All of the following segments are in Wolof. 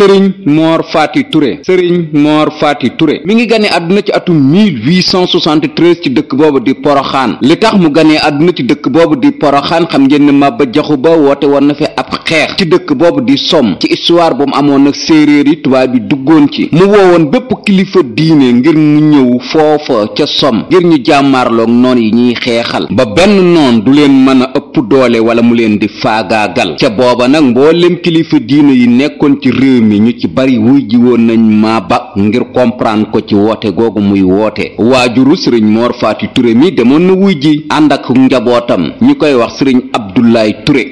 sëriñ moor faati Touré sëriñ moor faati Touré mi ngi gane àdduna ci atum 1873 ci dëkk boobu di xaan li tax mu ganee àdduna ci dëkk boobu di poroxaan xam ngeen ne ba Jaxu Ba woote woon na fi ab xeex ci dëkk boobu di somm ci histoire bu mu amoon nag séeréer yi tubaab bi duggoon ci mu woowoon bépp kilifa diine ngir mu ñëw foofa ca somm ngir ñu jàmmaarloog noon yi ñuy xeexal ba benn noon du leen mën a ëpp doole wala mu leen di faagaagal ca booba nag mboolem kilifa diine yi nekkoon ci réew mi ñu ci bari wuy ji woon nañ Maba ngir comprendre ko ci woote googu muy woote waajuru sëriñ Mor Faati Touré mi demoon na wuy ji ànd ak njabootam ñu koy wax sëriñ Abdoulaye Touré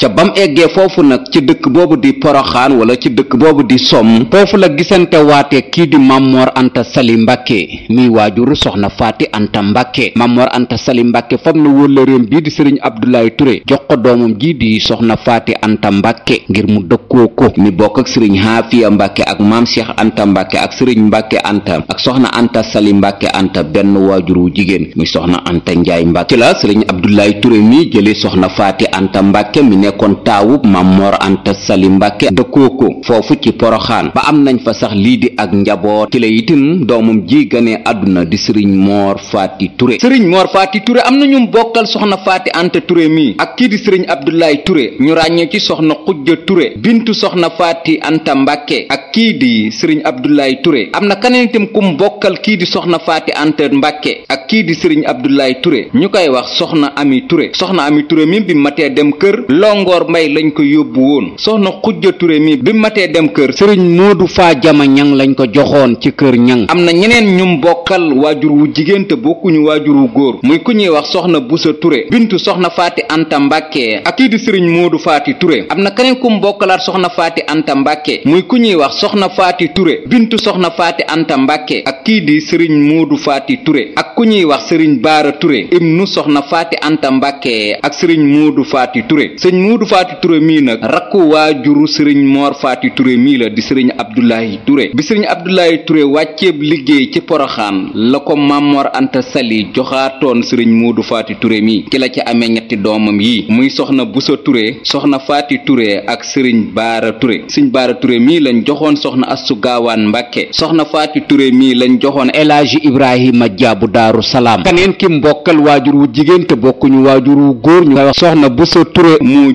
foofu nag ci dëkk boobu di poroxaan wala ci dëkk boobu di som foofu la gisante waate kii di mammoor anta sali mbàkke miy waajuru soxna faati anta mbàkke mammoor anta sali mbàkke fam na wóllëreem bii di sëriñ abdoulaye jox ko doomam jii di soxna faati anta mbàkke ngir mu dëkkoo ko mi bokk sëriñ xaafiya mbàkke ak maam cheikh anta mbàkke ak sëriñ mbàkke anta ak soxna anta sali mbàkke anta benn waajuru jigéen muy soxna anta njaay mbàkke ci la sëriñ abdoulaye Touré mii jëlee soxna faati anta mbàkke mi nekkoon taawub mam maam Mor Anta Sali Mbàkke dëkkoo ko foofu ci poroxaan ba am nañ fa sax lii di ak njaboot ci la itam doomam ji gane àdduna di sëriñ Mor Faati Touré sëriñ Mor Faati Touré am na ñu bokkal soxna Faati Anta Touré mii ak kii di sëriñ Abdoulaye Touré ñu ràññee ci soxna Xujja Touré bintu soxna Faati Anta Mbàkke ak kii di sëriñ Abdoulaye Touré am na keneen itam ku mu bokkal kii di soxna Faati Anta Mbàkke ak kii di sëriñ Abdoulaye Touré ñu koy wax soxna Ami Touré soxna Ami Touré mi bi matee dem kër Longoor Mbay lañ koy yóbbu woon soxna xujja ture mi bi matee dem kër sëriñ moodu faa jama ñang lañ ko joxoon ci kër ñang am na ñeneen ñum bokkal waajur wu jigéen te bokkuñu waajur wu góor muy ku ñuy wax soxna busa ture bintu soxna faati anta mbàkke ak kii di sëriñ moodu faati ture am na keneen kum soxna faati anta muy ku ñuy wax soxna faati ture bintu soxna faati anta mbàkke ak kii di sëriñ moodu faati ture ak ku ñuy wax sëriñ baara ture ibnu soxna faati anta mbàkke ak sëriñ moodu faati ture sëriñ moodu faati ture mi mii nag rakku waajuru sëriñ Mor Faty Touré mii la di sëriñ Abdoulaye Touré bi sëriñ Abdoulaye Touré wàcceeb liggéey ci poroxaan la ko Mamor Anta Sali joxaatoon sëriñ Modou Faty Touré mii ci la ci amee ñetti doomam yi muy soxna Bousso Touré soxna Faty Touré ak sëriñ Baara Touré sëriñ Baara Touré mii lañ joxoon soxna Astou Gawane Mbàkke soxna Faty Touré mii lañ joxoon El Hadji Ibrahima Diabu Daaru Salaam kaneen ki mbokkal waajur wu jigéen te bokkuñu waajur wu góor ñu koy wax soxna Bousso Touré mu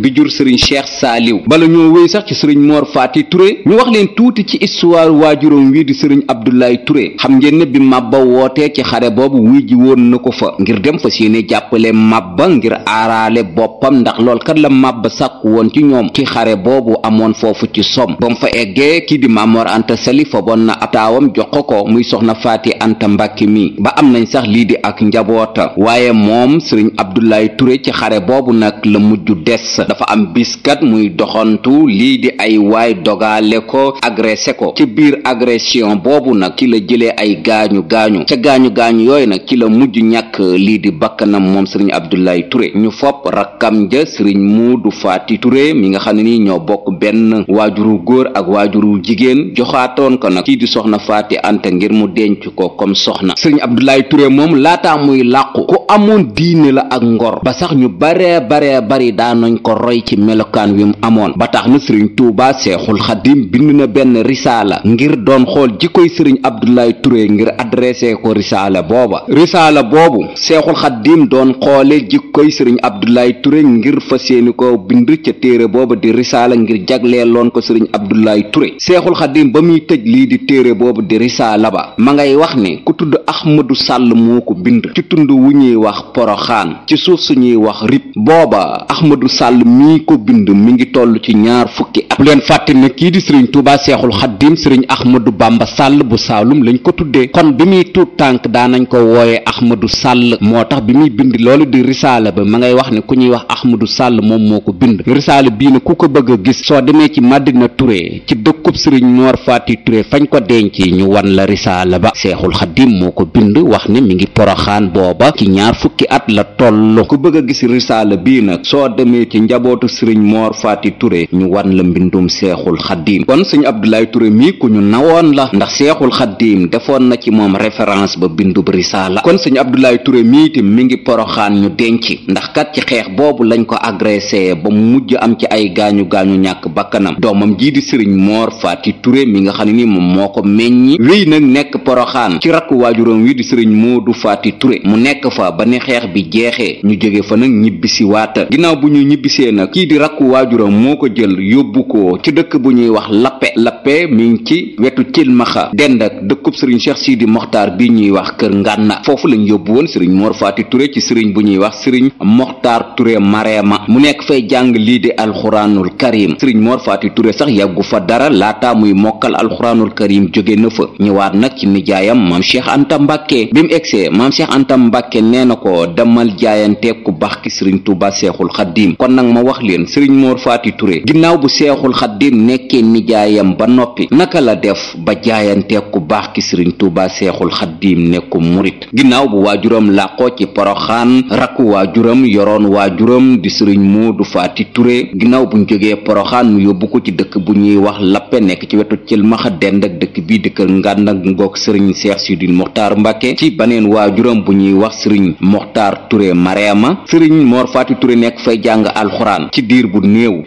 bi jur sëriñ cheikh saaliw bala ñoo wéy sax ci sëriñ moor faati Touré ñu wax leen tuuti ci histoire waajuróom wii di sëriñ Abdoulaye Touré xam ngeen ne bi mabba wootee ci xare boobu wuy ji woon na ko fa ngir dem fas yéene jàppale mabba ngir aarale boppam ndax lool kat la màbba sàkk woon ci ñoom ci xare boobu amoon foofu ci som ba mu fa eggee kii di Mamor Anta Sali foboon na ataawam jox ko ko muy soxna faati anta mbàkki mi ba am nañ sax lii di ak njaboota waaye moom sëriñ Abdoulaye Touré ci xare boobu nag la mujj des dafa am biskat muy doxantu lii di ay waay dogaale ko agressé ko ci biir agression boobu nag ci la jëlee ay gaañu gaañu ca gaañu gaañu yooyu nag ci la mujj ñàkk lii di bàkkanam moom sëriñ Abdoulaye ture ñu fopp rakkam ja sëriñ Muudu Faati Touré mi nga xam ne nii ñoo bokk benn waajuru góor ak waajuru jigéen joxaatoon ko nag kii di soxna Faati Anta ngir mu denc ko comme soxna sëriñ Abdoulaye ture moom laata muy làqu ku amoon diine la ak ngor ba sax ñu bare bare bari daanañ ko roy ci melokaan wi mu amoon ba tax na sëriñ tuuba seexul xadim bind na benn risaala ngir doon xool jikkoy sëriñ abdoulaye Touré ngir adressé ko risaala booba risaala boobu seexul xadim doon xoole jikkoy sëriñ abdoulaye Touré ngir fas yéene ko bind ca téere booba di risaala ngir loon ko sëriñ abdoulaye ture seexul xadim ba muy tëj lii di téere boobu di risaala ba ma ngay wax ni ku tudd axmadu sàll moo ko bind ci tund wu ñuy wax poroxaan ci suuf suñuy wax rib booba axmadu sàll mii ko bind mi ngi toll ci ñaar fukki at fàttali ne kii di sëriñ Touba Seexul Xaddim sëriñ Ahmadou Bamba Sall bu Saalum lañ ko tuddee kon bi muy tuut tànk daanañ ko wooyee Ahmadou Sall moo tax bi muy bind loolu di risaala ba ma ngay wax ne ku ñuy wax Ahmadou Sall moom moo ko bind risaala bii na ku ko bëgg a gis soo demee ci Madina ture ci dëkkub sëriñ Mor Fati Touré fañ ko denc ñu wan la risaala ba Seexul Xaddim moo ko bind wax ni mi ngi poroxaan booba ci ñaar fukki at la toll ku bëgg a gis risaala bii nag soo demee ci njabootu sëriñ Mor Fati Touré ñu wan la mbindum Seex seexul xaddiim kon sëñ Abdoulaye Touré mi ku ñu nawoon la ndax seexul xaddiim defoon na ci moom référence ba bindub risaala kon sëñ Abdoulaye Touré mi itam mi ngi poroxaan ñu denc ndax kat ci xeex boobu lañ ko agressé ba mu mujj am ci ay gaañu gaañu ñàkk bakkanam doomam jii di sëriñ Mor Faati ture mi nga xam ne ni moom moo ko meññi wéy nag nekk poroxaan ci rakk waajuram wi di sëriñ moo du Faati ture mu nekk fa ba ni xeex bi jeexee ñu jóge fa nag ñibbisi waata ginnaaw bu ñu ñibbisee nag kii di rakk waajuram moo ko dëkk bu ñuy wax lappe lappe mi ngi ci wetu cilmaxa dend ak dëkkub sëriñ cheikh sidi moxtaar bi ñuy wax kër ngànna foofu lañ yóbbu woon sëriñ mor faati turé ci sëriñ bu ñuy wax sëriñ moxtaar turé mareema mu nekk fay jàng lii di alxuraanul karim sëriñ mor faati turé sax yàggu fa dara laata muy mokkal alxuraanul karim jóge na fa ñëwaat nag ci nijaayam maam cheikh anta mbàkke bi mu egsee maam cheikh anta mbàkke nee na ko demal jaayante ku bax ki sëriñ tuuba seexul xaddiim kon nag ma wax leen sëriñ mor faati ginnaaw bu seexul nekkee nijaayam ba noppi naka la def ba jaayantee ku baax ki sëriñ tuuba seexul xat xaddiim nekku murit ginnaaw bu waajuram làqoo ci poroxaan rakku waajuram yoroon waajuram di sëriñ moodu faati ture ginnaaw buñ jógee poroxaan mu yóbbu ko ci dëkk bu ñuy wax lappe nekk ci wetu cilmaxa dend ak dëkk bii di kër ngànd ak ngoog sëriñ seex sidil moxtaar mbàkke ci baneen waajuram bu ñuy wax sëriñ moxtaar ture mareema sëriñ moor faati ture nekk fay jàng alxuraan ci diir bu néew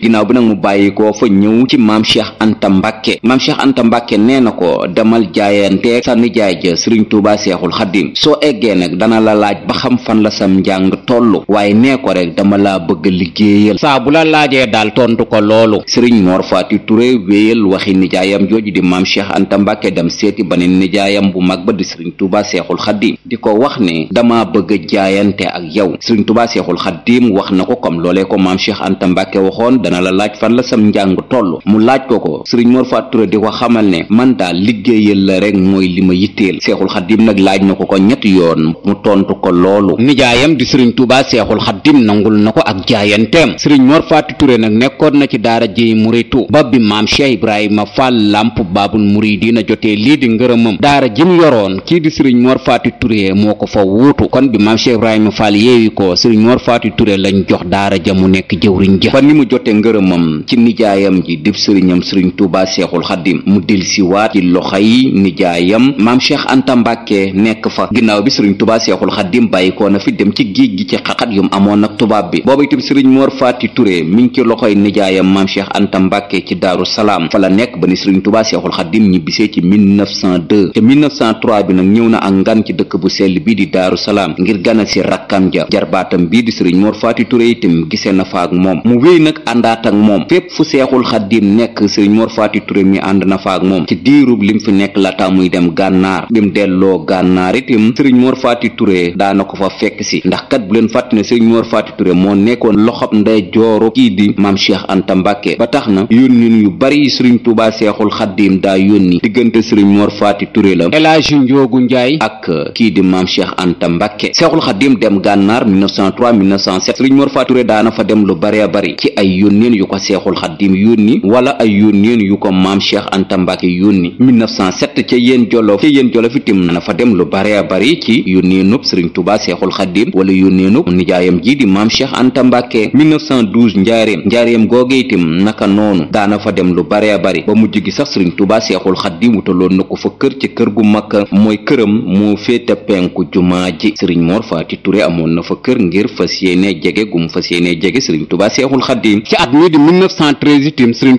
maam cheikh anta mbàkke maam cheikh anta mbàkke nee na ko demal jaayanteeg sa nijaay ja sëriñ tuuba seexul xaddim soo eggee nag dana la laaj ba xam fan la sam njàng toll waaye nee ko rek dama la bëgg liggéeyal saa bu la laajee daal tontu ko loolu sëriñ moor faati turé wéeyal waxi nijaayam jooju di maam cheikh anta mbàkke dem seeti baneen nijaayam bu mag ba di sëriñ tuuba seexul xaddim di ko wax ni dama bëgg jaayante ak yow sëriñ tuuba seexul xaddim wax na ko comme loolee ko maam cheikh anta mbàkke waxoon dana la laaj fan la sam njàng toll mu laaj ko ko sëriñ Mor Fatou di ko xamal ne man daal liggéeyal la rek mooy li ma yitteel seexul xaddim nag laaj na ko ko ñetti yoon mu tontu ko loolu nijaayam di sëriñ Touba seexul xaddim nangul na ko ak jaayanteem sëriñ Mor Fatou Touré nag nekkoon na ci daara ji jiy muritu ba bi maam Cheikh Ibrahima Fall lamp baabul muridina jotee lii di ngërëmam daara mu yoroon kii di sëriñ Mor Fatou Touré moo ko fa wuutu kon bi maam Cheikh Ibrahima Fall yeewi ko sëriñ Mor Fatou Touré lañ jox daara ja mu nekk jëwriñ ja fa ni mu jotee ngërëmam ci nijaayam ji dib sëriñam sëriñ Tuuba Seexul Xaddim mu delsi waat ci loxoy nijaayam maam Cheikh Anta nekk fa ginnaaw bi sëriñ Tuuba Seexul Xaddim bàyyikoo na fi dem ci géej gi ci xaqat yum amoon nag tubaab bi booba itam sëriñ Mor Faati Touré mi ci loxoy nijaayam maam Cheikh Anta Mbàkke ci Daaru Salaam fa nekk ba ni sëriñ Tuuba Seexul Xaddim ñibbisee ci 1902 te 1903 bi nag ñëw na ak ngan ci dëkk bu sell bii di Daaru Salaam ngir ganal si rakkam ja jarbaatam bii di sëriñ Mor Faati Touré itam gisee na fa ak moom mu wéy nag àndaat ak moom fépp fu Seexul Xaddim gim nekk sëriñ Mor Faty Touré mi ànd na fa ak moom ci diirub lim fi nekk laata muy dem gànnaar bim delloo gànnaar itam sëriñ Mor Faty Touré daana ko fekk si ndax kat leen fàttali ne sëriñ Mor Faty moo nekkoon loxob ndey jooru kii di maam Cheikh Anta Mbàkke ba tax na yónnin yu bari sëriñ Tuubaa Seexul Xaddiim daa yónni diggante sëriñ Mor Faty Touré la El Hadji Njoogu Njaay ak kii di maam Cheikh Anta Mbàkke Seexul Xaddiim dem gànnaar 1903 1907 sëriñ Mor Faty Touré daana fa dem lu bare bari ci ay yónneen yu ko Seexul Xaddiim yónni wala ay yónneen yu ko maam Cheikh Anta Mbacke yónni 1907 ca yéen jolof ca yéen jolof itam na fa dem lu bare bari ci yónneenub Serigne Touba Seexul Xaddim wala yónneenub nijaayam ji di maam Cheikh Anta Mbacke 1912 njaareem njaareem googe naka noonu daana fa dem lu bare bari ba mujj gi sax Serigne Touba Seexul Xaddim wutaloon na ko fa kër ci kër gu mag mooy këram mu féete penku jumaa ji Serigne Mor fa Touré amoon na fa kër ngir fas yéene jege gum fas yéene jege Serigne Touba Seexul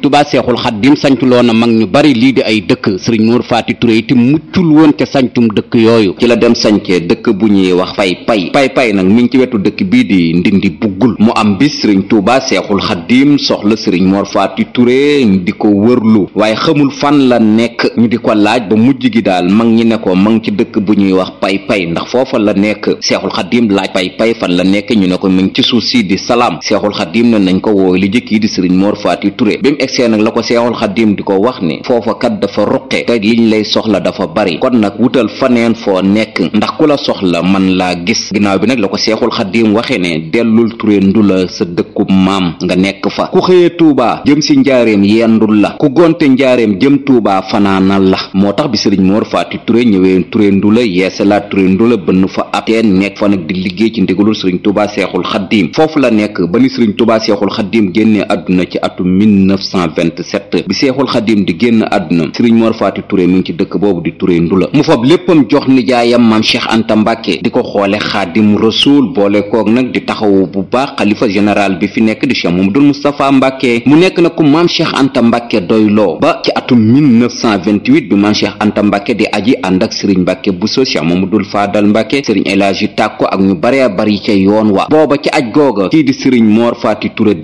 tubaa seexul xaddim sañculoo na mag ñu bari lii di ay dëkk sëriñ Mor Faty Touré itam muccul woon ca sañcum dëkk yooyu ci la dem sañcee dëkk bu ñuy wax fay pay pay pay nag mi ngi ci wetu dëkk bii di ndindi buggul mu am bis sëriñ tuubaa seexul xaddim soxla sëriñ Mor Faty Touré di ko wërlu waaye xamul fan la nekk ñu di ko laaj ba mujj gi daal mag ñi ne ko mag ci dëkk bu ñuy wax pay pay ndax foofa la nekk seexul xaddim laaj pay pay fan la nekk ñu ne ko mi ngi ci suuf si di salaam seexul xaddim ne nañ ko li jëkk yi di sëriñ Mor Faty Touré egsee nag la ko seexul xadim di ko wax ni foofa kat dafa ruqe te liñ lay soxla dafa bari kon nag wutal faneen foo nekk ndax ku la soxla man laa gis ginnaaw bi nag la ko seexul xadim waxe ne dellul Touré Ndula sa dëkkub maam nga nekk fa ku xëyee Touba jëm si njaareem yendul la ku gonte njaareem jëm Touba fanaanal la moo tax bi sëriñ Mor Faati Touré ñëwee Touré Ndula yeesalaat Touré Ndula bënn fa ab teen nekk fa nag di liggéey ci ndigalul sëriñ Touba seexul xadim foofu la nekk ba ni sëriñ Touba seexul xadim génnee àdduna ci atum 1900 1927 bi seexul xadim di génn àdduna sëriñ Mor Faati Touré mi ngi ci dëkk boobu di Touré Ndula mu fab léppam jox nijaayam maam Cheikh Anta Mbàkke di ko xoole xaadim rasuul boole kook nag di taxawu bu baax xalifa général bi fi nekk di Cheikh Mamadou Moustapha Mbàkke mu nekk na ku maam Cheikh Anta Mbàkke doyloo ba ci atum 1928 bi maam Cheikh Anta Mbàkke di aji ànd ak sëriñ Mbàkke Bousso Cheikh Mamadou Fadal Mbàkke sëriñ El Hadji Tàkko ak ñu bare bari ca yoon wa booba ci aj googa kii di sëriñ Mor Faati Touré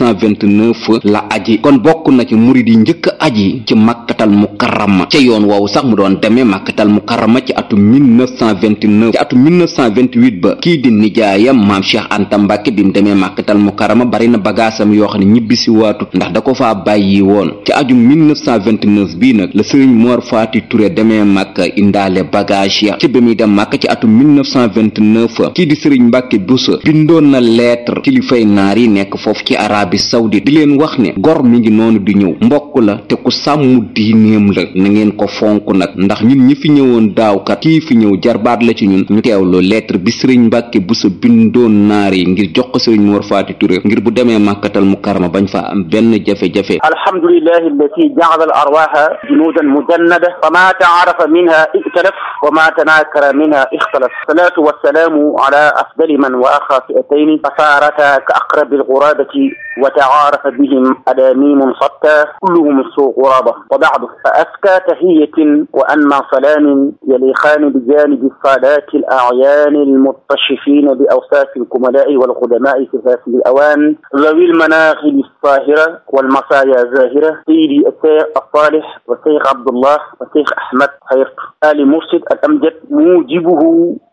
1929 la aji kon bokk na ci murid yi njëkk a aji ci màkkatal mukarrama ca yoon woowu sax mu doon demee màkkatal mukarrama ci atu 1929 ci atu 1928 ba kii di nijaayam maam cheikh anta mbàkke bi mu demee màkkatal mukarrama bari na bagaasam yoo xam ne ñibbisi waatut ndax da ko faa bàyyi woon ci aju 1929 bii nag la sëriñ Mor Faati Touré demee màkka indaale bagage ya ci bi muy dem màkk ci atu 1929 kii di sëriñ mbàkke busa bindoon na lettre kilifay naar yi nekk foofu ci arabie saoudite di leen wax ne gor mi ngi noonu jamono bi ñëw mbokk la te ku sàmm diineem la na ngeen ko fonk nag ndax ñun ñi fi ñëwoon daawkat kii fi ñëw jarbaat la ci ñun ñu teewloo lettre bi sëriñ mbàkke bu sa bindoon naar yi ngir jox ko sëriñ Mor Faati Touré ngir bu demee màkkatal mu karama bañ fa am benn jafe-jafe alhamdulillahi allati ja'ala al arwaha junuudan mujannada fa ma ta'arafa minha iktalaf wa ma tanakara minha ixtalaf salaatu wassalaamu ala afdali man wa axaa fi'atayni fasaarata ka aqrabi alxuraabati wa ta'arafa bihim adaamimum خطبت كلهم السوق غرابة وبعد فأزكى تحية وأنما سلام يليقان بجانب الصادات الأعيان المتصفين بأوساس الكملاء والقدماء في هذه الأوان ذوي المناخب الصاهرة والمسايا الزاهرة سيدي الشيخ الصالح والشيخ عبد الله والشيخ أحمد خيرق آل مرشد الأمجد موجبه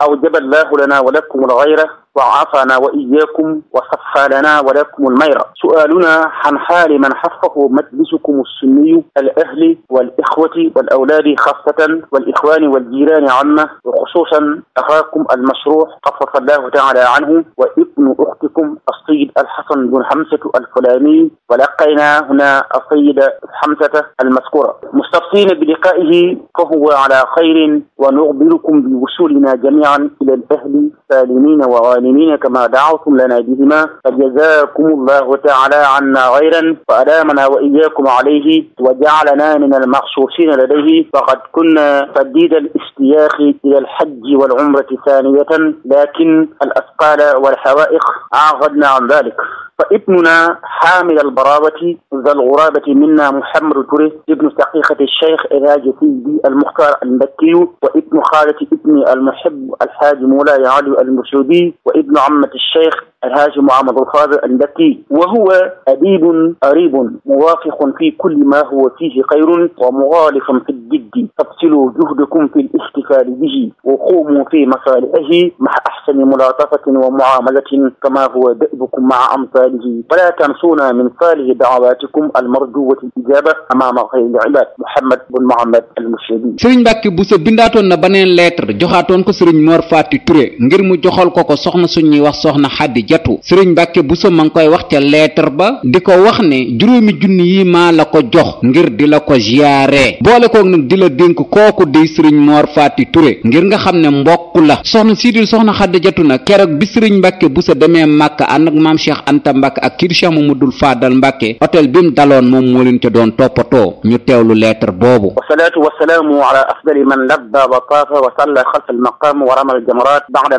أوجب الله لنا ولكم الغيرة وعافانا وإياكم وصفى لنا ولكم الميرة سؤالنا عن حال من حفظه مجلسكم السني الأهل والإخوة والأولاد خاصة والإخوان والجيران عامة وخصوصا أخاكم المشروح خفف الله تعالى عنه وابن أختكم السيد الحسن بن حمزة الفلاني ولقينا هنا السيد حمزة المذكورة مستفسين بلقائه فهو على خير ونخبركم بوصولنا جميعا إلى الأهل سالمين وغير آمنين كما دعوتم لنا بهما فجزاكم الله تعالى عنا غيرا وأدامنا وإياكم عليه وجعلنا من المخصوصين لديه فقد كنا تديد الاستياخ إلى الحج والعمرة ثانية لكن الأثقال والحوائق أعغضنا عن ذلك فابننا حامل البراوة ذا الغرابة منا محمد توري ابن شقيقة الشيخ الهاج سيدي المختار المبكي وابن خالة ابني المحب الحاج مولاي علي المرشودي وابن عمة الشيخ الهاج محمد الخاضر المكي وهو أديب قريب موافق في كل ما هو فيه خير ومغالف في الجد فابذلوا جهدكم في الاحتفال به وقوموا في مصالحه مع أحسن ملاطفة ومعاملة كما هو دأبكم مع أمثاله ولا تنسونا من صالح دعواتكم المرجوة الإجابة أمام خير العباد محمد بن محمد المشهدي Serigne Mbacké Bousso bindaatoon na beneen lettre joxaatoon ko Serigne Mor Faty Touré ngir mu joxal ko ko soxna suñuy wax soxna Xadi jatu sëriñ mbàkke sa ma ngi koy wax ca lettre ba di ko wax ne juróomi junni yi maa la ko jox ngir di la ko ziyaare boole kook nag di la dénk kooku di sëriñ moor faati ture ngir nga xam ne mbokk la soxna siidil soxna xaddi jatu na keroog bi sëriñ mbàkke buso demee màkk ànd ak maam cheikh anta mbàkke ak kii cheikh mamadul faadal mbàkke hôtel bi mu daloon moom moo leen ca doon toppatoo ñu teewlu lettre boobu wasalaatu wasalaamu ala afdali man labba wa taafa wa salla xalfa wa rama aljamraat baada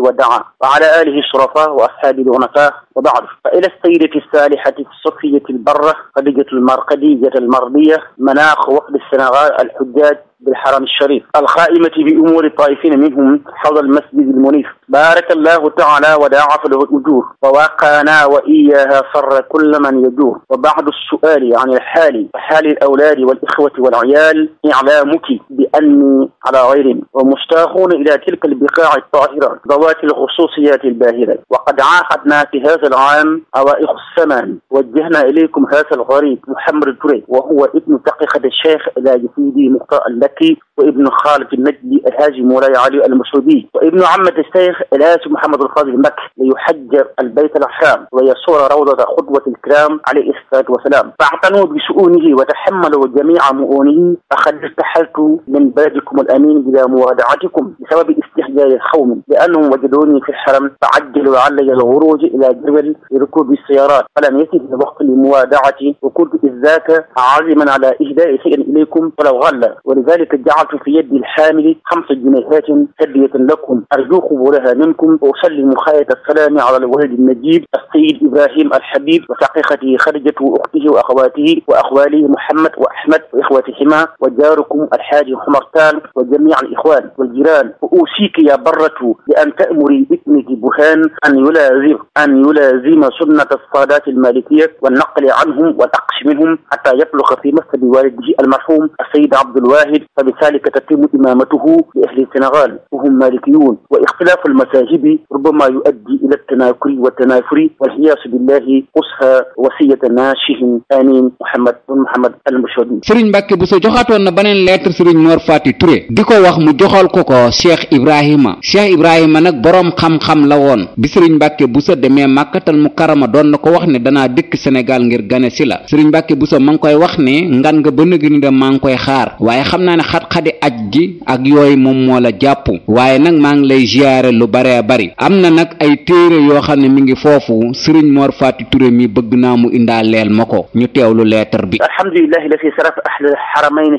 wa daa وعلى آله الشرفاء وأصحابه الغنفاء وبعض فإلى السير في السالحة الصفية البرة قضية المرقدية المرضية مناخ وفد السنغال الحجاج بالحرم الشريف الخائمة بأمور الطائفين منهم حول المسجد المنيف بارك الله تعالى وداعف له الأجور وواقانا وإياها فر كل من يدور وبعد السؤال عن الحال وحال الأولاد والإخوة والعيال إعلامك بأني على غير ومشتاقون إلى تلك البقاع الطاهرة ذوات الخصوصيات الباهرة وقد عاهدنا في هذا العام عوائق الثمن وجهنا إليكم هذا الغريب محمد توري وهو ابن دقيقة الشيخ إلى سيدي مختار اللكي وابن خالد النجلي الهاجي مولاي علي المسعودي وابن عمة الشيخ الهاج محمد القاضي المكي ليحجر البيت الحرام ويسور روضة خطوة الكرام عليه الصلاة والسلام فاعتنوا بشؤونه وتحملوا جميع مؤونه فقد ارتحلت من بلدكم الأمين إلى مودعتكم بسبب استحجاج القوم لأنهم وجدوني في الحرم فعجلوا علي الخروج إلى جرب أول ركوب السيارات فلم يكن الوقت لموادعتي وكنت إذ ذاك عازما على إهداء شيء إليكم ولو غلة ولذلك جعلت في يد الحامل خمس جنيهات هدية لكم أرجو قبولها منكم وأسلم خاية السلام على الولد المجيد السيد إبراهيم الحبيب وشقيقته خرجة وأخته وأخواته وأخواله محمد وأحمد وإخوتهما وجاركم الحاج عمر تال وجميع الإخوان والجيران وأوصيك يا برة بأن تأمري بابنك بهان أن يلازم أن يلازم لازم سنة السادات المالكية والنقل عنهم والأقش منهم حتى يبلغ في مسجد والده المرحوم السيد عبد الواحد فبذلك تتم إمامته لأهل السنغال وهم مالكيون واختلاف المذاهب ربما يؤدي إلى التناكر والتنافر والعياذ بالله أسها وصية ناشهم آمين محمد بن محمد المشهد Serigne Mbacke Bousso joxaatoon na beneen lettre Serigne Mor Fati Touré di ko wax mu joxal ko ko Cheikh Ibrahima Cheikh Ibrahima nag boroom xam-xam la woon bi Serigne Mbacke Bousso demee mag màkkatal mu karama doon na ko wax ne danaa dikk Sénégal ngir gane si la sëriñ Mbàkke Buso ma ngi koy wax ne ngan nga ba nëg ni da maa ngi koy xaar waaye xam naa ne xat-xati aj gi ak yooyu moom moo la jàpp waaye nag maa ngi lay ziyaare lu baree bari am na nag ay téere yoo xam ne mi ngi foofu sëriñ Mor Faati Ture mi bëgg naa mu indaaleel ma ko ñu teewlu leetar bi alhamdulillahi lazi sarafa ahli alxaramayn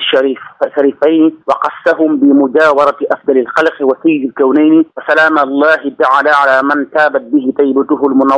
alsharifayn wa qassahum bi mujawarati afdali alxalqi wa sayyidi alkawnayni wa salaam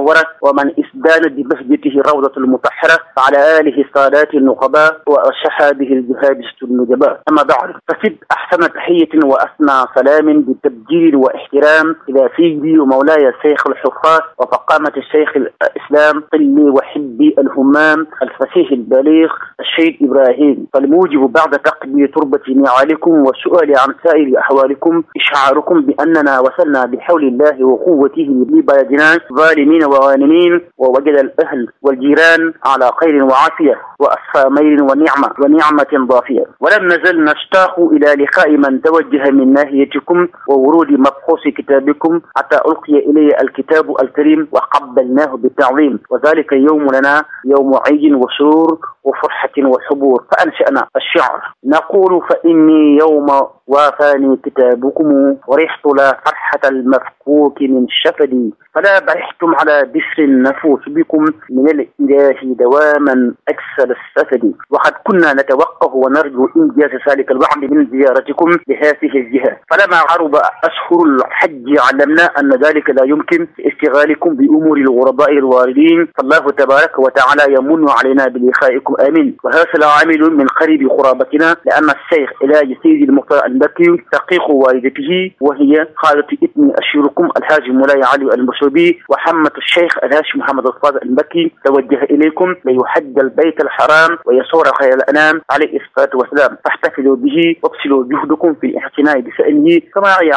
المنورة ومن إسدان ببهجته روضة المطهرة وعلى آله الصلاة النقباء ورشح به الجهادست النجباء أما بعد فسد أحسن تحية وأثنى سلام بتبجيل واحترام إلى سيدي ومولاي الشيخ الحفاظ وفقامة الشيخ الإسلام طلي وحبي الهمام الفسيح البليغ الشيخ إبراهيم فالموجب بعد تقضي تربة نعالكم وسؤال عن سائر أحوالكم إشعاركم بأننا وصلنا بحول الله وقوته لبلدنا ظالمين وغانمين ووجد الأهل والجيران على خير وعافية وأصفى ميل ونعمة ونعمة ضافية ولم نزل نشتاق إلى لقاء من توجه من ناحيتكم وورود مبحوث كتابكم حتى ألقي إلي الكتاب الكريم وقبلناه بالتعظيم وذلك يوم لنا يوم عيد وسرور وفرحة وحبور فأنشأنا الشعر نقول فإني يوم وافاني كتابكم ورحت لا فرح صحة المفكوك من شفدي فلا برحتم على بسر النفوس بكم من الإله دواما أكسل السفد وقد كنا نتوقف ونرجو إنجاز ذلك الوعد من زيارتكم لهذه الجهة فلما عرب أشهر الحج علمنا أن ذلك لا يمكن استغلالكم بأمور الغرباء الواردين فالله تبارك وتعالى يمن علينا بلقائكم آمين وهذا عامل من قريب قرابتنا لأن الشيخ إلهي سيدي المختار البكي رقيق والدته وهي خالة ابن أشيركم الحاج مولاي علي المشربي وحمة الشيخ الهاشم محمد الفاضل المكي توجه إليكم ليحج البيت الحرام ويسور خير الأنام عليه الصلاة والسلام فاحتفلوا به وابذلوا جهدكم في الاعتناء بشأنه كما هي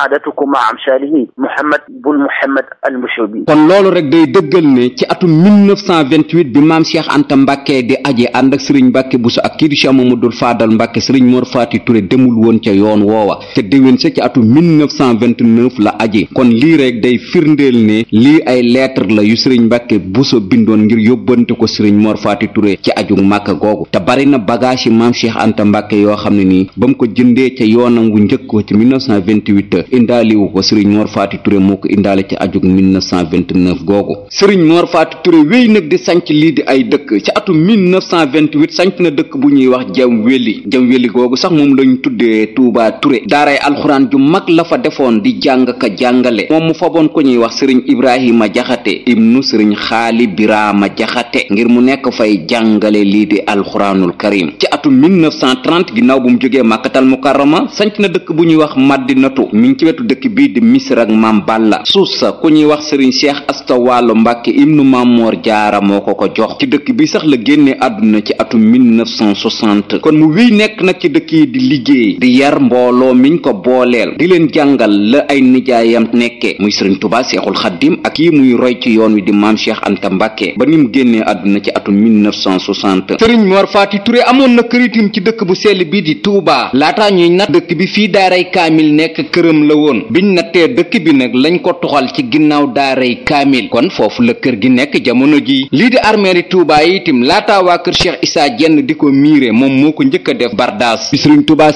عادتكم مع أمثاله محمد بن محمد المشربي kon loolu rek day dëggal ne ci atum 1928 bi maam Cheikh Anta Mbacke di aje ànd ak Serigne Mbacke Bousso ak kii di Cheikh Mamadou Fadal Mbacke Serigne Mor Fati Touré demul woon ca yoon woowa te déwén sa ci atum 1928 59 la aji kon lii rek day firndeel ne lii ay lettre la yu sëriñ Mbàkke Buso bindoon ngir yóbbante ko sëriñ Mor Faati Touré ci aju Màkka googu te bari na bagage yi maam Cheikh Anta Mbàkke yoo xam ne nii ba mu ko jëndee ca yoonam wu njëkk ko ci 1928 indaaliwu ko sëriñ Mor Faati Touré moo ko indaale ci aju 1929 googu sëriñ Mor Faati Touré wéy nag di sanc lii di ay dëkk ci atu 1928 sanc na dëkk bu ñuy wax jam weli jam weli googu sax moom lañ tuddee tuubaa Touré daaray alxuraan la di jàng ka jàngale moom mu faboon ku ñuy wax sëriñ ibrahima jaxate ibnu sëriñ xaali biraama jaxate ngir mu nekk fay jàngale lii di alxuraanul karim ci atum 1930 ginnaaw bu mu jógee màkkatal mukarrama sanc na dëkk bu ñuy wax màddinatu mi ci wetu dëkk bi di misir ak maam balla suuf sa ku ñuy wax sëriñ cheikh asta wàllu mbàkke ibnu mamoor jaara moo ko ko jox ci dëkk bi sax la génnee àdduna ci atum 1960 kon mu wiy nekk nag ci dëkk yi di liggéey di yar mbooloo miñ ko la ay nijaayam nekke muy sëriñ Tuubaa Seexul Xaddim ak kii muy roy ci yoon wi di maam Cheikh Anta Mbàkke ba ni mu génnee àdduna ci atum 1960 sëriñ Mor Faati Touré amoon na kër itam ci dëkk bu sell bi di Touba laataa ñuy nat dëkk bi fii daaray kaamil nekk këram la woon biñ nattee dëkk bi nag lañ ko toxal ci ginnaaw daaray kaamil kon foofu la kër gi nekk jamono ji lii di armeeri Touba yi itam laataa waa kër Cheikh isaa jenn di ko miire moom moo ko njëkk a def bardaas bi sëriñ Tuubaa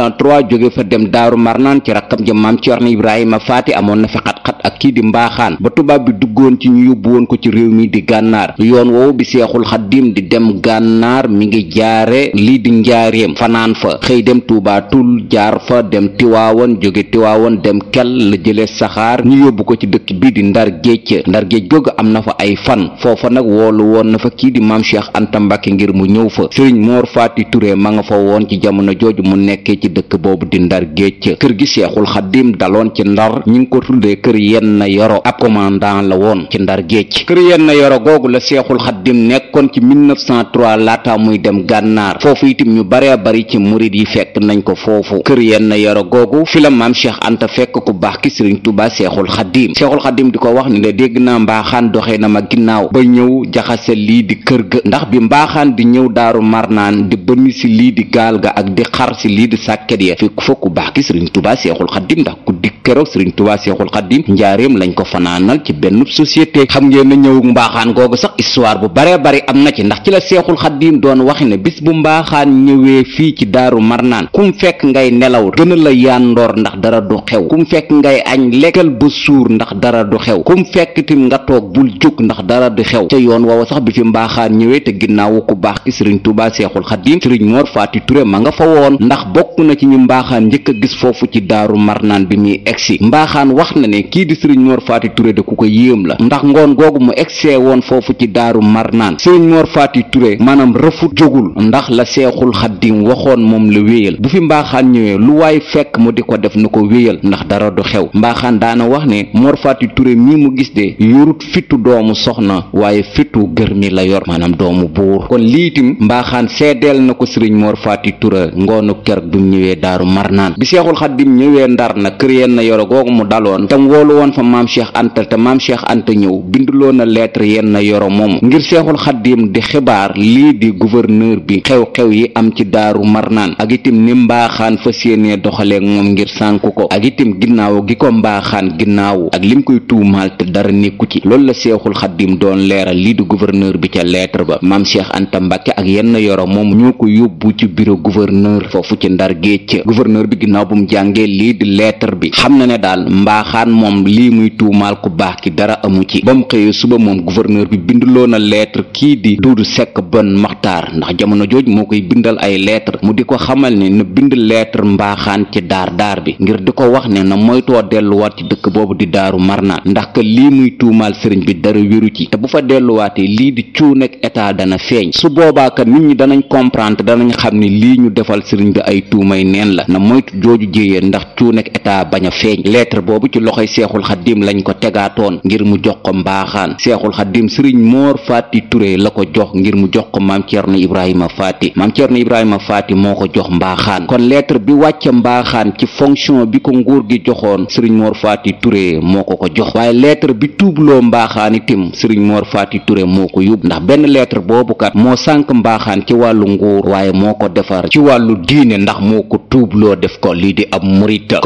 1903 jóge fa dem daaru marnaan ci rakkam ja maam Cerno Ibrahima Faati amoon na fa xat at ak kii di mbaaxaan ba tubaab bi duggoon ci ñu yóbbu woon ko ci réew mi di gànnaar yoon woowu bi seexul xaddim di dem gànnaar mi ngi jaare lii di njaareem fanaan fa xëy dem tuubaatul jaar fa dem tiwaawan jóge tiwaawan dem kel la jële saxaar ñu yóbbu ko ci dëkk bi di ndar géej ndar géej googu am na fa ay fan foofa nag woolu woon na fa kii di maam cheikh ngir mu ñëw fa sëriñ moor faati turé ma nga fa woon ci jamono jooju mu nekkee ci dëkk boobu di ndar kër gi seexul yenn yoro ab commandant la woon ci ndar géej kër yenn yoro googu la seexul xaddim nekkoon ci 1903 laata muy dem gànnaar foofu itam ñu bare bari ci murit yi fekk nañ ko foofu kër yenn yoro googu fi la maam cheikh anta fekk ku baax ki sëriñ tubaa seexul xaddim seexul xaddim di ko wax ni la dégg naa mbaaxaan doxee na ma ginnaaw ba ñëw jaxase lii di kër ga ndax bi mbaaxaan di ñëw daaru mar naan di bënn si lii di gaal ga ak di xar si lii di sàkket ya fi fokku baax ki sëriñ tubaa seexul xaddim ndax ku dikk keroog sëriñ njaareem lañ ko fanaanal ci benn société xam ngeen na ñëwug mbaaxaan googu sax histoire bu baree bari am na ci ndax ci la seexul xaddiim doon wax ne bis bu mbaaxaan ñëwee fii ci daaru marnaan kum fekk ngay nelaw gën a la yandoor ndax dara du xew kum fekk ngay añ lekkal ba suur ndax dara du xew kum fekk tim nga toog bul jóg ndax dara du xew ca yoon woowa sax bi fi mbaaxaan ñëwee te ginnaawu ku baax ki sëriñ Tuubaa seexul xaddiim sëriñ Mor Faati Ture ma nga fa woon ndax bokk na ci ñu mbaaxaan njëkk a gis foofu ci daaru marnaan di sëriñ Mor Faati Touré de ku ko yéem la ndax ngoon googu mu egsee woon foofu ci daaru marnaan sëriñ Mor Faati Touré maanaam rëfut jógul ndax la seexul xaddim waxoon moom la wéyal bu fi mbaaxaan ñëwee lu waaye fekk mu di ko def na ko wéyal ndax dara du xew mbaaxaan daana wax ne Mor Faati Touré mii mu gis de yorut fittu doomu soxna waaye fittu gërmi la yor maanaam doomu buur kon liitim mbaaxaan seedeel na ko sëriñ Mor Faati Touré ngoonu kër bu ñëwee daaru marnaan bi seexul xaddim na kër yéen na yoro woon fa maam cheikh anta te maam cheikh anta ñëw binduloo na lettre yenn yoro moomu ngir seexul xaddiim di xibaar lii di gouverneur bi xew-xew yi am ci daaru marnaan ak itim ni mbaaxaan fa séenee doxalee moom ngir sànku ko ak itim ginnaaw gi ko mbaaxaan ginnaaw ak lim koy tuumaal te dara nekku ci lool la seexul xaddiim doon leeral lii di gouverneur bi ca lettre ba maam cheikh anta mbàkke ak yenn yoro moom ñoo ko yóbbu ci bureau gouverneur foofu ci ndar géej gouverneur bi lii muy tuumaal ku baax ki dara amu ci ba mu xëyee suba moom gouverneur bi binduloo na lettre kii di Duudu Sekk Bon Maxtaar ndax jamono jooj moo koy bindal ay lettre mu di ko xamal ne na bind lettre mbaaxaan ci daar daar bi ngir di ko wax ne na moytoo delluwaat ci dëkk boobu di daaru marnaan ndax que lii muy tuumaal sëriñ bi dara wéru ci te bu fa delluwaatee lii di cuun ak état dana feeñ su boobaa ka nit ñi danañ comprendre danañ xam ne lii ñu defal sëriñ bi ay tuumay neen la na moytu jooju jéyee ndax cuun ak état bañ a feeñ lettre boobu ci loxoy seexu seexul xaddim ko tegaatoon ngir mu jox ko mbaaxaan seexul xaddim sëriñ moor faati Touré la ko jox ngir mu jox ko maam Thierno Ibrahima Faati maam Thierno Ibrahima Faati moo ko jox mbaaxaan kon lettre bi wàcce mbaaxaan ci fonction bi ko nguur gi joxoon sëriñ moor faati Touré moo ko ko jox waaye lettre bi tuubloo mbaaxaan itim sëriñ moor faati Touré moo ko yóbbu ndax benn lettre boobu kat moo sànq mbaaxaan ci wàllu nguur waaye moo ko defar ci wàllu diine ndax moo ko tuubloo def ko lii di ab murita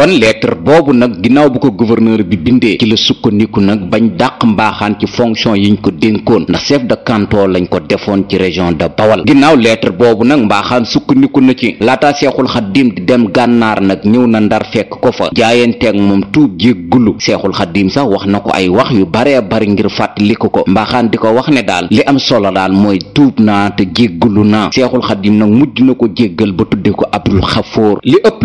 bindee ci la sukkandiku nag bañ dàq mbaaxaan ci fonction yiñ ko dénkoon ndax seef de kantoo lañ ko defoon ci région de Bawal ginnaaw lettre boobu nag mbaaxaan sukkandiku na ci laata seexul xaddim di dem gànnaar nag ñëw na ndar fekk ko fa jaayanteeg moom tuub jéggulu seexul xaddim sax wax na ko ay wax yu baree bari ngir fàttali ko ko mbaaxaan di ko wax ne daal li am solo daal mooy tuub naa te jéggulu naa seexul xaddim nag mujj na ko jéggal ba tudde ko abdul xafoor li ëpp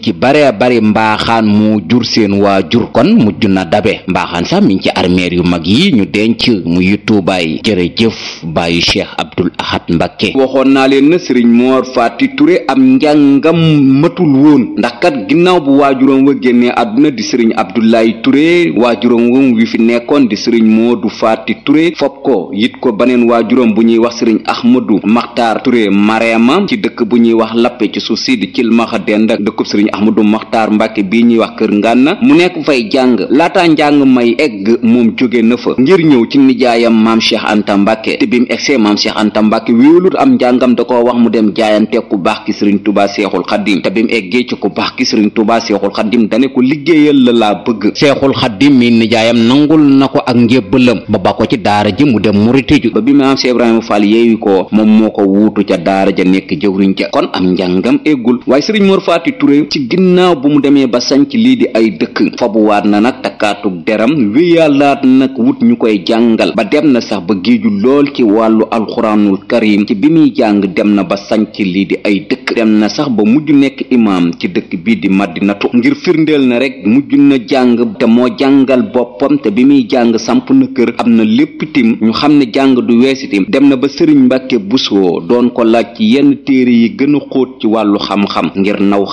ci bare bari mbaaxaan mu jur seen waajur kon mujj na dabe mbaaxaan sax mi ngi ci armeer yu mag yi ñu denc mu yu tuubaay jërëjëf bàyyi cheikh abdul ahad mbakke waxoon naa leen na sëriñ moor faati ture am njàngam matul woon ndax kat ginnaaw bu waajuram wa génnee àdduna di sëriñ abdoulaye ture waajuram wam wi fi nekkoon di sëriñ du faati ture fop ko yit ko baneen waajuram bu ñuy wax sëriñ ahmadu maxtaar ture mareema ci dëkk bu ñuy wax lappe ci suuf si di cilmaxa dend ak dëkkub sëriñ Ahmadou Maxtaar Mbàkke bii ñuy wax kër ngànna mu nekk fay jàng laataa njàng may egg moom jóge na fa ngir ñëw ci nijaayam maam Cheikh Anta Mbàkke te bi mu egsee maam Cheikh Anta Mbàkke am njàngam da ko wax mu dem jaayante ku baax ki Sëriñ Tuubaa Seexul Xaddim te bi mu eggee ci ku baax ki Sëriñ Tuubaa Seexul Xaddim dane ko liggéeyal la laa bëgg Seexul Xaddim mi nijaayam nangul na ko ak njébbalam ba ba ko ci daara ji mu dem muritiju ba bi maam Cheikh Ibrahima Fall yeewi ko moom moo ko wuutu ca daara ja nekk jëwriñ ca kon am njàngam eggul waaye Sëriñ Mor Faati Touré ci ginnaaw bu mu demee ba sanc lii di ay dëkk fabuwaat na nag takkaatug deram wéyaalaat nag wut ñu koy jàngal ba dem na sax ba géeju lool ci wàllu alxuraanul karim ci bi muy jàng dem na ba sanc lii di ay dëkk dem na sax ba mujj nekk imaam ci dëkk bii di madinatu ngir firndeel na rek mujj na jàng te moo jàngal boppam te bi muy jàng samp na kër am na lépp ñu xam ne jàng du weesitim dem na ba sëriñ mbàkke busoo doon ko laaj ci yenn téere yi gën a xóot ci wàllu xam ngir naw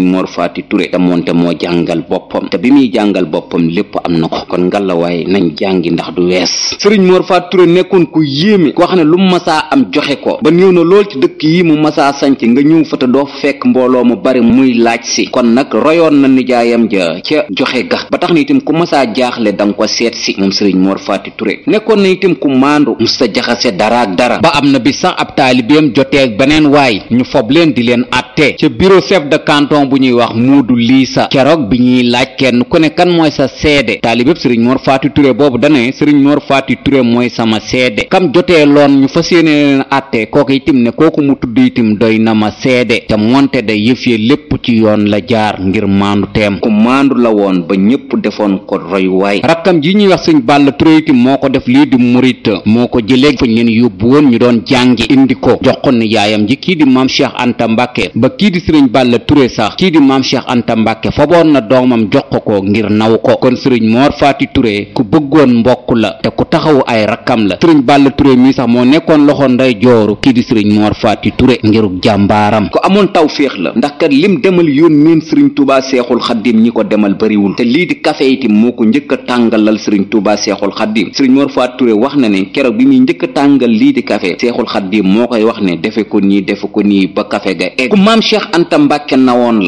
sëriñ Mor Faati Ture te moonte moo jàngal boppam te bi muy jàngal boppam lépp am na ko kon ngalawaay nañ jàngi ndax du wees sëriñ Mor Faati Ture nekkoon ku yéeme koo xam ne lu mu masaa am joxe ko ba néew na mu masaa sanc nga ñëw fa te doo fekk mu bari muy laaj si kon nag royoon na nijaayam ja ca joxe ga ba tax na itam ku masaa jaaxle danga ko seet si moom sëriñ Mor Faati Ture nekkoon na itam ku maandu mu sa jaxase dara ak dara ba am na bi sax ab taalibeem joteeg beneen waay ñu fob leen di leen atte ca bureau chef de canton bu ñuy wax muudu liisa keroog bi ñuy laaj kenn ku ne kan mooy sa seede taalibeb sëriñ Mor Faati Ture boobu dane sëriñ Mor Faati Ture mooy sama seede kam jotee loon ñu fa yéene leen àtte kooku itim ne kooku mu tudd itim doy na ma seede te monte de yëf ya lépp ci yoon la jaar ngir maandu teem ku maandu la woon ba ñëpp defoon ko roy waay rakkam ji ñuy wax sëñ Balla Ture itim moo ko def lii di murit moo ko jëlee fañ leen yóbbu woon ñu doon jàngi indi ko jox ko ne yaayam ji kii di maam Cheikh Anta ba kii di sëriñ Balla Ture sax kii di maam Cheikh Anta Mbàkke faboon na doomam jox ko ko ngir naw ko kon sëriñ Mor Faati ture ku bëggoon mbokk la te ku taxawu ay rakkam la sëriñ Balla Touré mii sax moo nekkoon loxo nday jooru kii di sëriñ Mor Faati Touré ngirug jàmbaaram ko amoon taw feex la ndax kat lim demal yoon miin sëriñ Tuubaa Seexul Xaddim ñi ko demal bariwul te lii di kafe itam moo ko njëkk tàngalal sëriñ Tuubaa Seexul Xaddim sëriñ Mor Faati Touré wax na ne keroog bi muy njëkk a tàngal lii di kafe Seexul Xaddim moo koy wax ne defe ko nii defe ko nii ba ga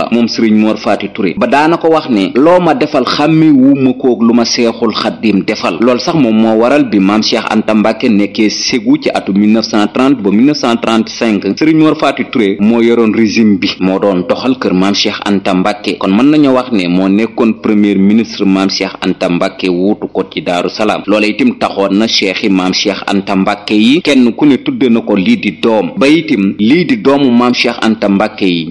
la moom sëriñ Mor Faati Touré ba daana ko wax ne loo ma defal xàmme wu ma koog lu ma seexul xaddim defal lool sax moom moo waral bi maam Cheikh Anta Mbàkke nekkee ségu ci atu 1930 ba 1935 sëriñ Mor Faati Touré moo yoroon résime bi moo doon doxal kër maam Cheikh Anta Mbàkke kon mën nañu wax ne moo nekkoon premier ministre maam Cheikh Anta Mbàkke wuutu ko ci Daaru Salaam loola itim taxoon na cheikh yi maam Cheikh Anta Mbàkke yi kenn ku ne tudde na ko lii di doom ba itim lii di doomu maam Anta Mbàkke yi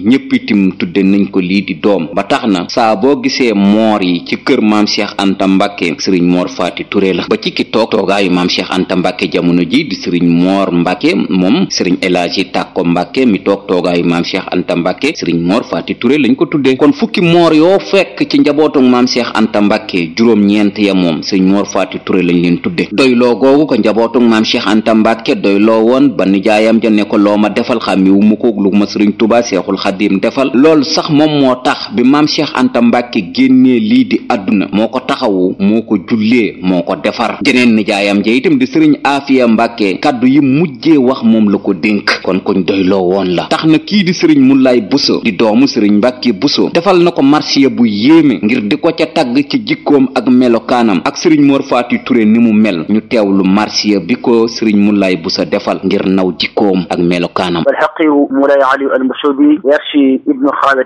nañ ko lii di doom ba tax na saa boo gisee moor yi ci kër maam cheikh anta mbàkke sëriñ moor faati turé la ba ci ki toog toogaayu maam cheikh anta jamono ji di sëriñ moor mbàkke moom sëriñ elaaji tàkko mbàkke mi toog toogaayu maam cheikh anta mbàkke sëriñ moor faati turé lañ ko tuddee kon fukki moor yoo fekk ci njabootu maam cheikh anta mbàkke juróom-ñeent ya moom sëriñ moor faati turé lañ leen tudde doy loo googu ko njabootu maam cheikh anta mbàkke doy loo woon ba nijaayam ja ne ko loo ma defal xam mi wu mu ko lu ma sëriñ tuba seexul xadim defal loolu sax moom moo tax bi maam Cheikh Anta Mbàkke génnee lii di àdduna moo ko taxawu moo ko jullee moo ko defar geneen nijaayam ja itam di sëriñ Aafiya Mbàkke kàddu yi mujjee wax moom la ko dénk kon koñ doyloo woon la tax na kii di sëriñ Mulaay Buso di doomu sëriñ Mbàkke Buso defal na ko marsiya bu yéeme ngir di ko ca tàgg ci jikkoom ak melokaanam ak sëriñ Mor Faati Ture ni mu mel ñu teew lu marsiya bi ko sëriñ lay Buso defal ngir naw jikkoom ak melokaanam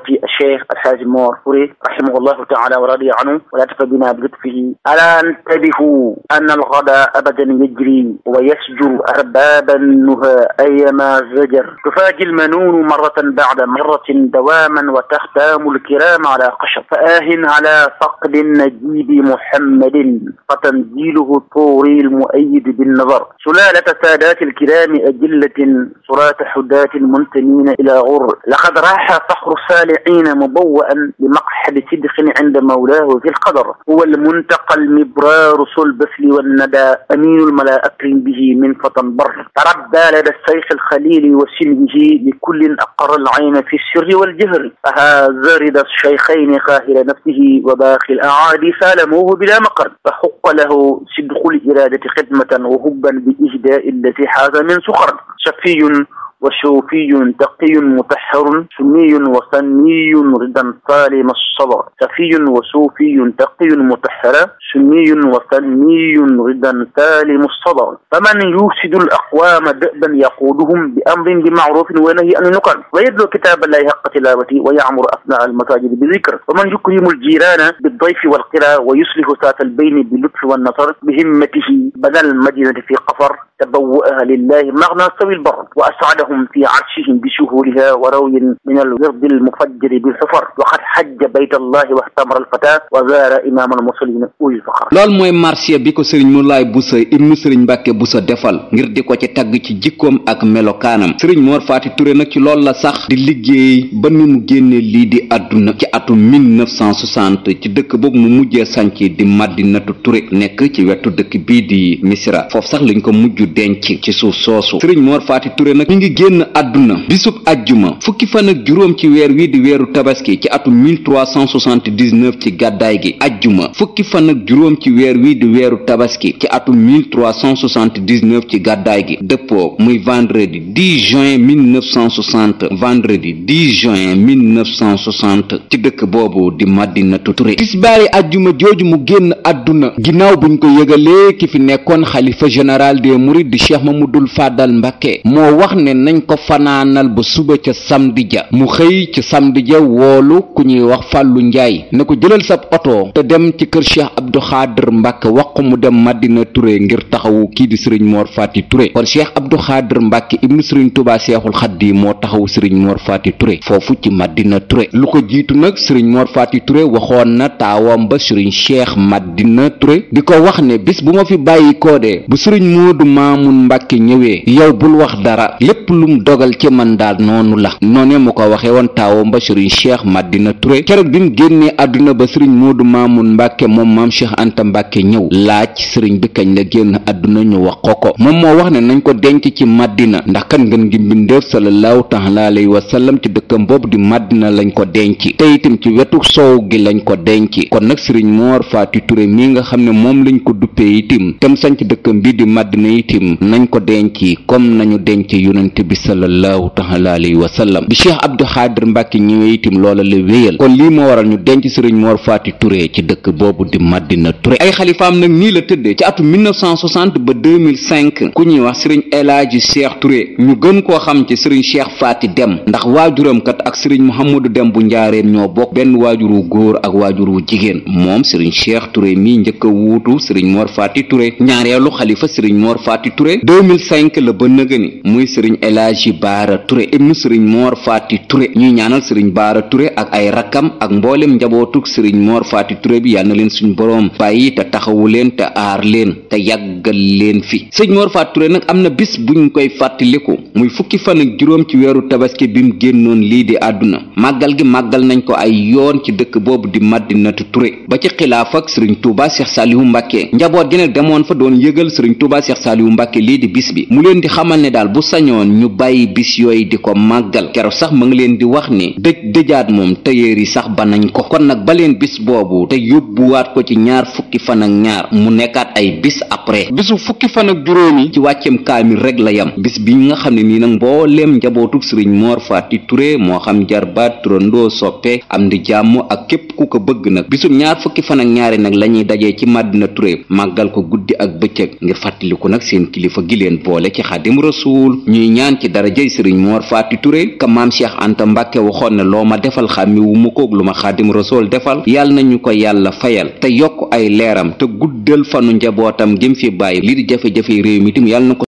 في الشيخ الحاج مور فوري رحمه الله تعالى ورضي عنه ولا تفدنا بلطفه ألا انتبهوا أن الغداء أبدا يجري ويسجر أرباب النهى أيما زجر تفاجي المنون مرة بعد مرة دواما وتختام الكرام على قشر فآه على فقد النجيب محمد فتنزيله الطوري المؤيد بالنظر سلالة سادات الكرام أجلة صلاة حداة المنتمين إلى غر لقد راح فخر سالم والسابعين مبوءا بمقحد صدق عند مولاه في القدر هو المنتقى المبرار صلب البسل والندى أمين الملا أكرم به من فتن بر تربى لدى الشيخ الخليل وسلمه لكل أقر العين في السر والجهر فهذا رضا الشيخين قاهر نفسه وباقي الأعادي سالموه بلا مقر فحق له صدق الإرادة خدمة وهبا بإهداء التي حاز من سخر شفي وشوفي تقي مطهر سني وسني ردا سالم الصبر سخي وصوفي تقي مطهر سني وسني ردا سالم الصبر فمن يفسد الأقوام دأبا يقودهم بأمر بمعروف ونهي عن المنكر ويدعو كتاب الله حق تلاوته ويعمر أصنع المساجد بالذكر ومن يكرم الجيران بالضيف والقراء ويصلح ساعة البين باللطف والنصر بهمته بنى المدينة في قفر تبوأها لله مغنى سوي البر وأسعدهم لكم في عرشهم بشهورها وروي من الورد المفجر بالحفر وقد حج bayt allah wa tamara al fata wa zara imam al muslimin uyu mooy marché bi ko sëriñ Moulay Bousso ibnu sëriñ Mbàkke Bousso defal ngir di ko ci tàgg ci jikkoom ak melokaanam seriñ Mor Faati Touré nag ci lool la sax di liggéey ba ni génne génnee lii di àdduna ci atum 1960 ci dëkk boobu mu mujjee sanc di Madinatu Touré nekk ci wetu dëkk bii di Misra foofu sax lañ ko mujj denc ci suuf soosu sëriñ Mor Faati Touré nag mi ngi génn àdduna bisub ajjuma fukki fan ak juróom ci weer wii di weeru tabaski ci atum 1379 ci gàddaay gi ajjuma fukki fan ak juróom ci weer wi di weeru tabaski ci atum 1379 ci gàddaay gi dëppoo muy vendredi 10 juin 1960 vendredi 10 juin 1960 ci dëkk boobu di Madinatu Touré tisbaari ajjuma jooju mu génn àdduna ginnaaw buñ ko yëgalee ki fi nekkoon xalifa général des mourides di Cheikh Mamadou Fadal Mbacké moo wax ne nañ ko fanaanal ba suba ca samedi ja mu xëy ca samedi ja woolu ku ñuy wax fàllu njaay na ko jëlal sab oto te dem ci kër cheikh abdou xaadir mbàkke wax ko mu dem madina turé ngir taxawu kii di sëriñ moor faati turé kon cheikh abdou xaadir mbàkke ibnu sëriñ tubaa seexul xaddi moo taxawu sëriñ moor faati turé foofu ci madina turé lu ko jiitu nag sëriñ moor faati turé waxoon na taawam ba sëriñ cheikh madina turé di ko wax ne bis bu ma fi bàyyi koodee bu sëriñ moodu maamun mbàkke ñëwee yow lum dogal ci man daal noonu la noonee mu ko waxee woon taawam ba sëriñ cheikh madina Touré keroog bi mu génnee àdduna ba sëriñ moodu maamun mbàkke moom maam cheikh anta mbàkke ñëw laaj sëriñ bi kañ la génn àdduna ñu wax ko ko moom moo wax ne nañ ko denc ci madina ndax kan ngeen gi mbindeef sallallahu taala alayhi wa sallam ci dëkkam boobu di madina lañ ko denc te itam ci wetu soow gi lañ ko denc kon nag sëriñ moor faati Touré mii nga xam ne moom lañ ko duppee itim tem bi sallallahu taala wa sallam bi cheikh abdou xaadir mbàkke ñëwee itam loola la wéyal kon lii moo waral ñu denc sëriñ Mor Faty Touré ci dëkk boobu di Madina Touré ay xalifaam nag nii la tëddee ci atu 1960 ba ku ñuy wax sëriñ El Hadji Cheikh Touré ñu gën koo xam ci sëriñ Cheikh Faty Dem ndax waajuram kat ak sëriñ Mouhamadou Dem bu njaareem ñoo bokk benn waajur wu góor ak waajur wu jigéen moom sëriñ Cheikh Touré mii njëkk wuutu sëriñ Mor Faty Touré ñaareelu xalifa sëriñ Mor Faty Touré elaaji baara ture ibnu sëriñ moor faati ture ñuy ñaanal sëriñ baara ture ak ay rakkam ak mboolem njabootug sëriñ moor faati ture bi yal na leen suñu boroom bàyyi te taxawu leen te aar leen te yàggal leen fi sëriñ moor faati ture nag am na bis ñu koy fàttaliku muy fukki fan ak juróom ci weeru tabaski bi mu génnoon lii di àdduna màggal gi màggal nañ ko ay yoon ci dëkk boobu di madinatu ture ba ci xilaaf ak sëriñ tuuba seex saalihu mbàkke njaboot gi nag demoon fa doon yëgal sëriñ tuuba seex saalihu mbàkke lii di bi mu ñu bàyyi bis yooyu di ko màggal kero sax ma ngi leen di wax ni dëj dëjaat moom tëyeer yi sax ba nañ ko kon nag ba leen bis boobu te yóbbuwaat ko ci ñaar fukki fan ak ñaar mu nekkaat ay bis après bisu fukki fan ak juróomi ci wàcceem kaamil rek la yam bis bi nga xam ne nii nag mbooleem njabootu sëriñ moor Fati Touré moo xam jarbaat ndoo soppe am di jàmm ak képp ku ko bëgg nag bisu ñaar fukki fan ak ñaari nag la ñuy dajee ci Madina Touré màggal ko guddi ak nañ ci darajey sëriñ Mor Faty Touré ka maam Cheikh Anta Mbàkke waxoon ne loo ma defal xàmmi wu ma koog lu ma xaadim rasool defal na ñu ko yàlla fayal te yokk ay leeram te guddal fanu njabootam gim fi bàyyi li di jafe-jafe réew mi tim na ko